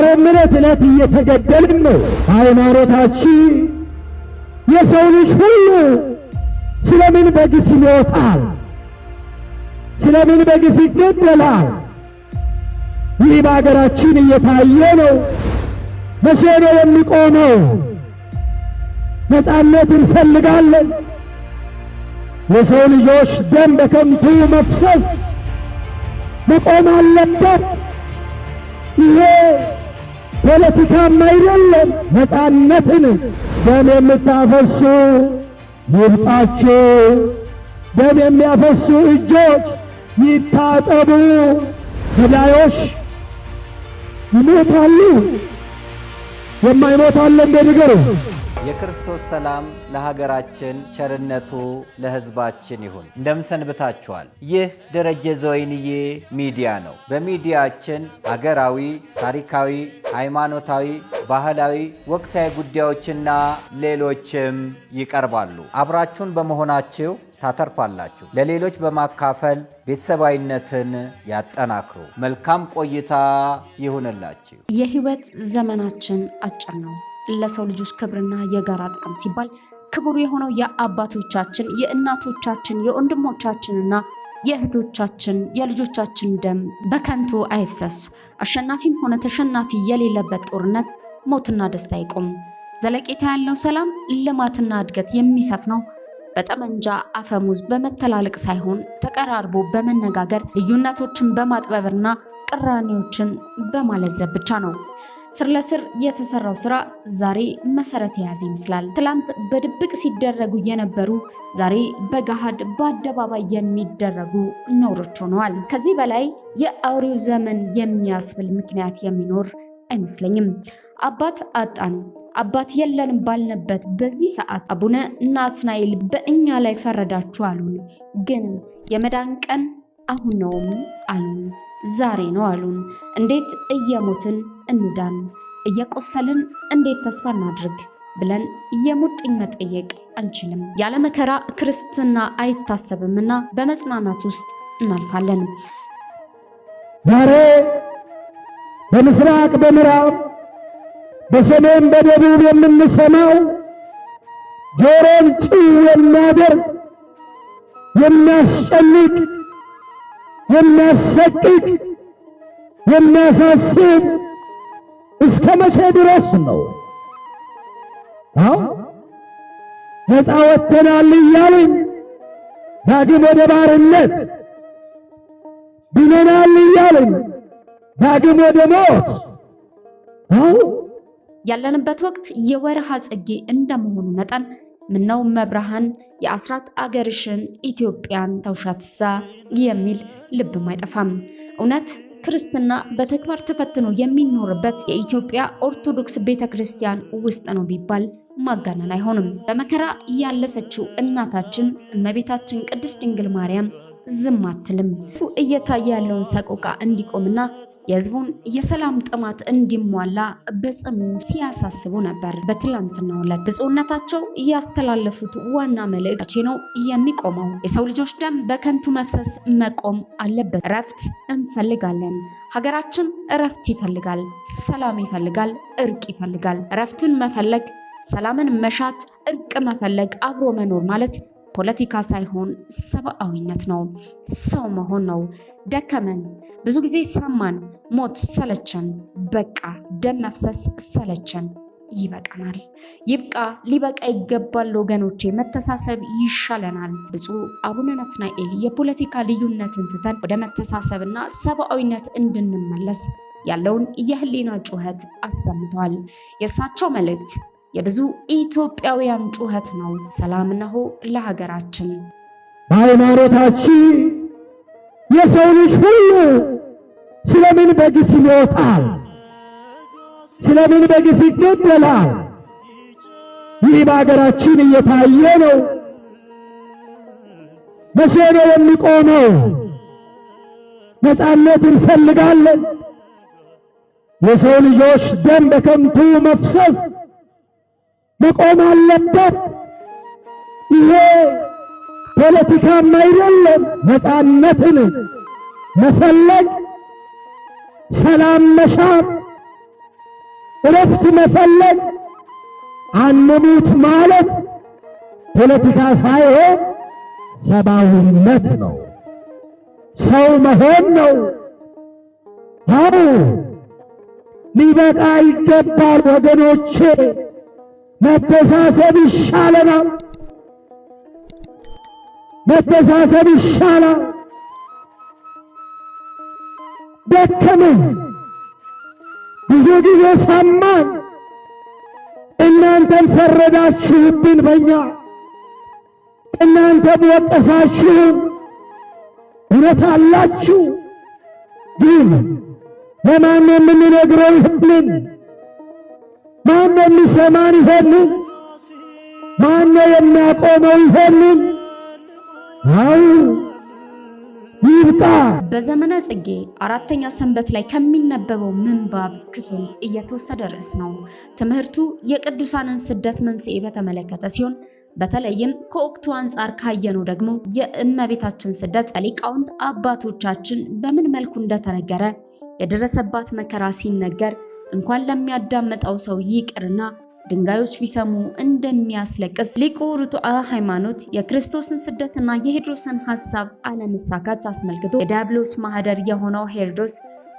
ዛሬም ዕለት ዕለት እየተገደልን ነው። ሃይማኖታችን የሰው ልጅ ሁሉ ስለምን በግፍ ይወጣል? ስለምን በግፍ ይገደላል? ይህ በአገራችን እየታየ ነው። መቼ ነው የሚቆመው? ነፃነት እንፈልጋለን። የሰው ልጆች ደም በከንቱ መፍሰስ መቆም አለበት። ይሄ ፖለቲካም አይደለም ነፃነትን ደም የምታፈሱ ይብጣችሁ። ደም የሚያፈሱ እጆች ይታጠቡ። ገዳዮች ይሞታሉ። የማይሞት አለ እንደ ንገሩ የክርስቶስ ሰላም ለሀገራችን ቸርነቱ ለሕዝባችን ይሁን። እንደምሰንብታችኋል። ይህ ደረጀ ዘወይንዬ ሚዲያ ነው። በሚዲያችን ሀገራዊ፣ ታሪካዊ፣ ሃይማኖታዊ፣ ባህላዊ፣ ወቅታዊ ጉዳዮችና ሌሎችም ይቀርባሉ። አብራችሁን በመሆናችሁ ታተርፋላችሁ። ለሌሎች በማካፈል ቤተሰባዊነትን ያጠናክሩ። መልካም ቆይታ ይሁንላችሁ። የህይወት ዘመናችን አጭር ነው። ለሰው ልጆች ክብርና የጋራ ጥቅም ሲባል ክቡር የሆነው የአባቶቻችን የእናቶቻችን የወንድሞቻችንና የእህቶቻችን የልጆቻችን ደም በከንቱ አይፍሰስ። አሸናፊም ሆነ ተሸናፊ የሌለበት ጦርነት ሞትና ደስታ አይቆም። ዘለቄታ ያለው ሰላም ልማትና እድገት የሚሰፍነው በጠመንጃ አፈሙዝ በመተላለቅ ሳይሆን ተቀራርቦ በመነጋገር ልዩነቶችን በማጥበብና ቅራኔዎችን በማለዘብ ብቻ ነው። ስር ለስር የተሰራው ስራ ዛሬ መሰረት የያዘ ይመስላል። ትላንት በድብቅ ሲደረጉ የነበሩ ዛሬ በገሃድ በአደባባይ የሚደረጉ ነውሮች ሆነዋል። ከዚህ በላይ የአውሬው ዘመን የሚያስብል ምክንያት የሚኖር አይመስለኝም። አባት አጣን አባት የለንም ባልነበት በዚህ ሰዓት አቡነ ናትናኤል በእኛ ላይ ፈረዳችሁ አሉን። ግን የመዳን ቀን አሁን ነውም አሉ። ዛሬ ነው አሉን። እንዴት እየሞትን እንዳን፣ እየቆሰልን እንዴት ተስፋ እናድርግ ብለን የሙጥኝ መጠየቅ አንችልም። ያለ መከራ ክርስትና አይታሰብምና በመጽናናት ውስጥ እናልፋለን። ዛሬ በምስራቅ በምዕራብ በሰሜን በደቡብ የምንሰማው ጆሮን ጭው የሚያደርግ የሚያስጨንቅ የሚያሰቅቅ የሚያሳስብ እስከ መቼ ድረስ ነው? አዎ ነፃ ወጥተናል እያልን ዳግም ወደ ባርነት ድነናል እያልን ዳግም ወደ ሞት ያለንበት ወቅት የወርሃ ጽጌ እንደመሆኑ መጠን ምነው መብርሃን የአስራት አገርሽን ኢትዮጵያን ተውሻትሳ የሚል ልብም አይጠፋም። እውነት ክርስትና በተግባር ተፈትኖ የሚኖርበት የኢትዮጵያ ኦርቶዶክስ ቤተ ክርስቲያን ውስጥ ነው ቢባል ማጋነን አይሆንም። በመከራ ያለፈችው እናታችን እመቤታችን ቅድስት ድንግል ማርያም ዝም አትልም። እየታየ ያለውን ሰቆቃ እንዲቆምና የህዝቡን የሰላም ጥማት እንዲሟላ በጽኑ ሲያሳስቡ ነበር። በትላንትናው ዕለት ብፁዕነታቸው ያስተላለፉት ዋና መልእክት ነው የሚቆመው። የሰው ልጆች ደም በከንቱ መፍሰስ መቆም አለበት። እረፍት እንፈልጋለን። ሀገራችን እረፍት ይፈልጋል፣ ሰላም ይፈልጋል፣ እርቅ ይፈልጋል። እረፍትን መፈለግ፣ ሰላምን መሻት፣ እርቅ መፈለግ፣ አብሮ መኖር ማለት ፖለቲካ ሳይሆን ሰብአዊነት ነው፣ ሰው መሆን ነው። ደከመን፣ ብዙ ጊዜ ሰማን፣ ሞት ሰለቸን፣ በቃ ደም መፍሰስ ሰለቸን፣ ይበቃናል። ይብቃ፣ ሊበቃ ይገባል ወገኖቼ፣ መተሳሰብ ይሻለናል። ብፁዕ አቡነ ናትናኤል የፖለቲካ ልዩነትን ትተን ወደ መተሳሰብና ሰብአዊነት እንድንመለስ ያለውን የህሊና ጩኸት አሰምተዋል። የእሳቸው መልእክት የብዙ ኢትዮጵያውያን ጩኸት ነው። ሰላም ነሆ ለሀገራችን። በሃይማኖታችን የሰው ልጅ ሁሉ ስለምን በግፍ ይወጣል? ስለምን በግፍ ይገደላል? ይህ በሀገራችን እየታየ ነው። መቼ ነው የሚቆመው? ነፃነት እንፈልጋለን። የሰው ልጆች ደም በከንቱ መፍሰስ መቆም አለበት። ይሄ ፖለቲካም አይደለም። ነፃነትን መፈለግ፣ ሰላም መሻት፣ እረፍት መፈለግ፣ አንሙት ማለት ፖለቲካ ሳይሆን ሰብአዊነት ነው፣ ሰው መሆን ነው። አዎ ሊበቃ ይገባል ወገኖቼ። መተሳሰብ ይሻለናል። መተሳሰብ ይሻላል። ደከመን፣ ብዙ ጊዜ ሳማን እናንተን ፈረዳችሁብን በእኛ እናንተ ወቀሳችሁን። እውነት አላችሁ፣ ግን ለማን የምንነግረው ይህንን ማነው የሚሰማን ይሆንን? ማነው የሚያቆመው ይሆንን? አይ ይብቃ። በዘመነ ጽጌ አራተኛ ሰንበት ላይ ከሚነበበው ምንባብ ክፍል እየተወሰደ ርዕስ ነው። ትምህርቱ የቅዱሳንን ስደት መንስኤ በተመለከተ ሲሆን በተለይም ከወቅቱ አንጻር ካየነው ደግሞ የእመቤታችን ስደት ሊቃውንት አባቶቻችን በምን መልኩ እንደተነገረ የደረሰባት መከራ ሲነገር እንኳን ለሚያዳምጠው ሰው ይቅርና ድንጋዮች ቢሰሙ እንደሚያስለቅስ ሊቁ ርቱዐ ሃይማኖት የክርስቶስን ስደትና የሄድሮስን ሐሳብ አለመሳካት አስመልክቶ የዲያብሎስ ማህደር የሆነው ሄሮድስ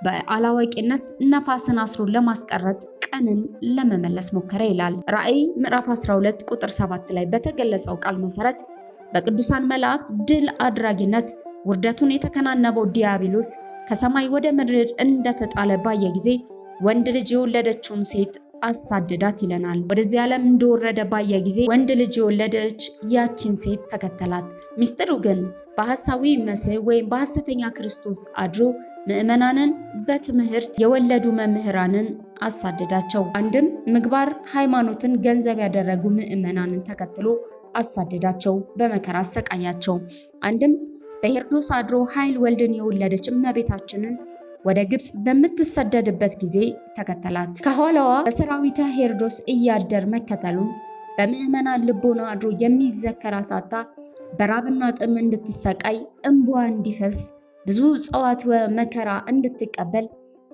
በአላዋቂነት ነፋስን አስሮ ለማስቀረት ቀንን ለመመለስ ሞከረ ይላል። ራእይ ምዕራፍ 12 ቁጥር 7 ላይ በተገለጸው ቃል መሰረት በቅዱሳን መላእክት ድል አድራጊነት ውርደቱን የተከናነበው ዲያብሎስ ከሰማይ ወደ ምድር እንደተጣለ ባየ ጊዜ ወንድ ልጅ የወለደችውን ሴት አሳደዳት ይለናል። ወደዚህ ዓለም እንደወረደ ባየ ጊዜ ወንድ ልጅ የወለደች ያችን ሴት ተከተላት። ሚስጥሩ ግን በሐሳዊ መሲህ ወይም በሐሰተኛ ክርስቶስ አድሮ ምዕመናንን በትምህርት የወለዱ መምህራንን አሳደዳቸው። አንድም ምግባር ሃይማኖትን ገንዘብ ያደረጉ ምዕመናንን ተከትሎ አሳደዳቸው፣ በመከራ አሰቃያቸው። አንድም በሄሮድስ አድሮ ኃይል ወልድን የወለደች እመቤታችንን ወደ ግብፅ በምትሰደድበት ጊዜ ተከተላት። ከኋላዋ በሰራዊተ ሄሮድስ እያደር መከተሉን በምዕመናን ልቦና አድሮ የሚዘከራት አታ በራብና ጥም እንድትሰቃይ እንቧ እንዲፈስ ብዙ ጸዋትወ መከራ እንድትቀበል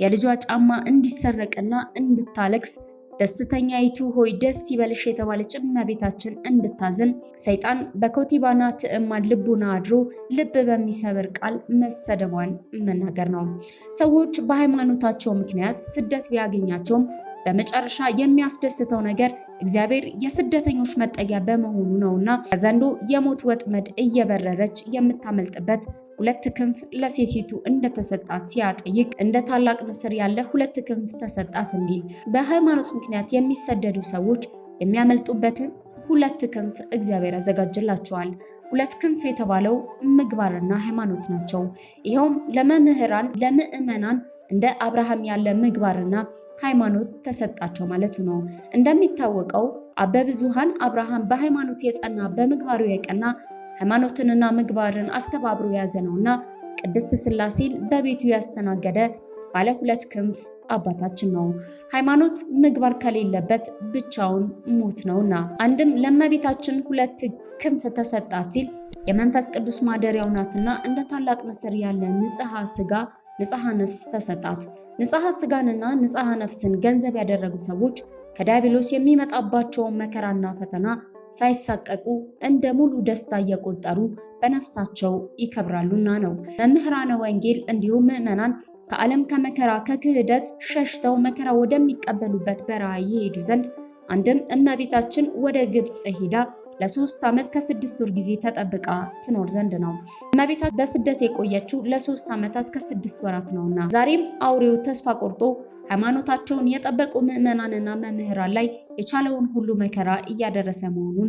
የልጇ ጫማ እንዲሰረቅና እንድታለቅስ ደስተኛይቱ ሆይ ደስ ይበልሽ የተባለች እመቤታችን እንድታዝን ሰይጣን በኮቲባና ትዕማን ልቡና አድሮ ልብ በሚሰብር ቃል መሰደቧን መናገር ነው። ሰዎች በሃይማኖታቸው ምክንያት ስደት ቢያገኛቸውም በመጨረሻ የሚያስደስተው ነገር እግዚአብሔር የስደተኞች መጠጊያ በመሆኑ ነውና ከዘንዶ የሞት ወጥመድ እየበረረች የምታመልጥበት ሁለት ክንፍ ለሴቲቱ እንደተሰጣት ሲያጠይቅ እንደ ታላቅ ንስር ያለ ሁለት ክንፍ ተሰጣት እንዲል በሃይማኖት ምክንያት የሚሰደዱ ሰዎች የሚያመልጡበትን ሁለት ክንፍ እግዚአብሔር ያዘጋጅላቸዋል። ሁለት ክንፍ የተባለው ምግባርና ሃይማኖት ናቸው። ይኸውም ለመምህራን ለምዕመናን እንደ አብርሃም ያለ ምግባርና ሃይማኖት ተሰጣቸው ማለቱ ነው። እንደሚታወቀው በብዙሃን አብርሃም በሃይማኖት የጸና በምግባሩ የቀና ሃይማኖትንና ምግባርን አስተባብሮ የያዘ ነውና ቅድስት ስላሴ በቤቱ ያስተናገደ ባለ ሁለት ክንፍ አባታችን ነው። ሃይማኖት ምግባር ከሌለበት ብቻውን ሞት ነውና አንድም ለእመቤታችን ሁለት ክንፍ ተሰጣት ሲል የመንፈስ ቅዱስ ማደሪያው ናትና እንደ ታላቅ ንስር ያለ ንጽሐ ስጋ ንጽሐ ነፍስ ተሰጣት። ንጽሐ ስጋንና ንጽሐ ነፍስን ገንዘብ ያደረጉ ሰዎች ከዲያብሎስ የሚመጣባቸውን መከራና ፈተና ሳይሳቀቁ እንደ ሙሉ ደስታ እየቆጠሩ በነፍሳቸው ይከብራሉና ነው። መምህራነ ወንጌል እንዲሁም ምዕመናን ከዓለም ከመከራ ከክህደት ሸሽተው መከራ ወደሚቀበሉበት በረሃ ይሄዱ ዘንድ አንድም እመቤታችን ወደ ግብፅ ሄዳ ለሶስት ዓመት ከስድስት ወር ጊዜ ተጠብቃ ትኖር ዘንድ ነው። እመቤታችን በስደት የቆየችው ለሶስት ዓመታት ከስድስት ወራት ነውና ዛሬም አውሬው ተስፋ ቆርጦ ሃይማኖታቸውን የጠበቁ ምዕመናንና መምህራን ላይ የቻለውን ሁሉ መከራ እያደረሰ መሆኑን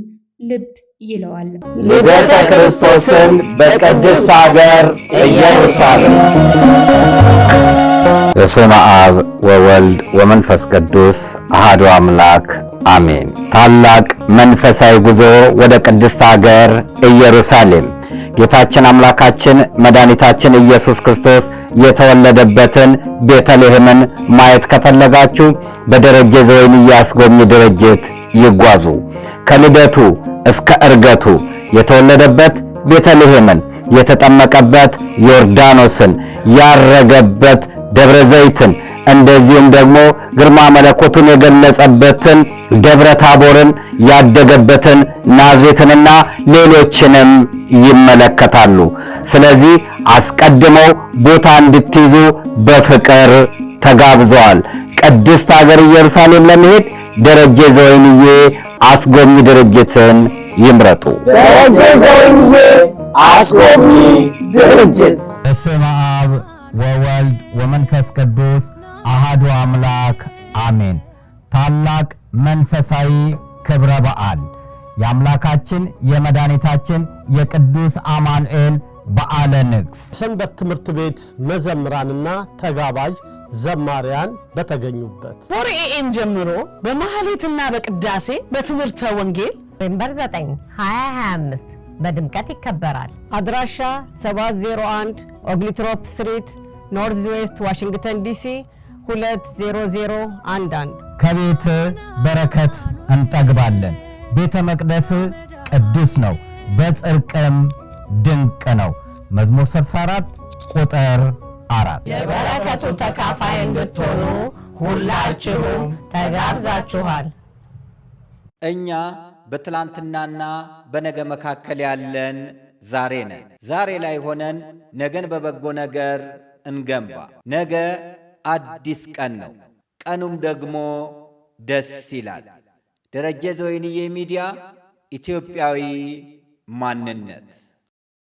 ልብ ይለዋል። ልደተ ክርስቶስን በቅድስት አገር ኢየሩሳሌም። በስመ አብ ወወልድ ወመንፈስ ቅዱስ አሐዱ አምላክ አሜን። ታላቅ መንፈሳዊ ጉዞ ወደ ቅድስት አገር ኢየሩሳሌም ጌታችን አምላካችን መድኃኒታችን ኢየሱስ ክርስቶስ የተወለደበትን ቤተልሔምን ማየት ከፈለጋችሁ በደረጀ ዘወይን እያስጎብኝ ድርጅት ይጓዙ። ከልደቱ እስከ እርገቱ የተወለደበት ቤተልሔምን፣ የተጠመቀበት ዮርዳኖስን፣ ያረገበት ደብረ ዘይትን እንደዚሁም ደግሞ ግርማ መለኮቱን የገለጸበትን ደብረ ታቦርን ያደገበትን ናዝሬትንና ሌሎችንም ይመለከታሉ። ስለዚህ አስቀድመው ቦታ እንድትይዙ በፍቅር ተጋብዘዋል። ቅድስት አገር ኢየሩሳሌም ለመሄድ ደረጀ ዘወይንዬ አስጎብኚ ድርጅትን ይምረጡ። ደረጀ አስጎብኚ ድርጅት። በስመ አብ ወወልድ ወመንፈስ ቅዱስ አሃዱ አምላክ አሜን። ታላቅ መንፈሳዊ ክብረ በዓል የአምላካችን የመድኃኒታችን የቅዱስ አማኑኤል በዓለ ንግሥ ሰንበት ትምህርት ቤት መዘምራንና ተጋባዥ ዘማሪያን በተገኙበት ፎር ኤኤም ጀምሮ በማህሌትና በቅዳሴ በትምህርተ ወንጌል ኖቬምበር 9 2025 በድምቀት ይከበራል። አድራሻ 701 ኦግሊትሮፕ ስትሪት ኖርዝ ዌስት ዋሽንግተን ዲሲ 20011 ከቤት በረከት እንጠግባለን። ቤተ መቅደስ ቅዱስ ነው፣ በጽርቅም ድንቅ ነው። መዝሙር 64 ቁጥር አራት የበረከቱ ተካፋይ እንድትሆኑ ሁላችሁም ተጋብዛችኋል። እኛ በትላንትናና በነገ መካከል ያለን ዛሬ ነን። ዛሬ ላይ ሆነን ነገን በበጎ ነገር እንገንባ። ነገ አዲስ ቀን ነው። ቀኑም ደግሞ ደስ ይላል። ደረጀ ዘወይንዬ ሚዲያ ኢትዮጵያዊ ማንነት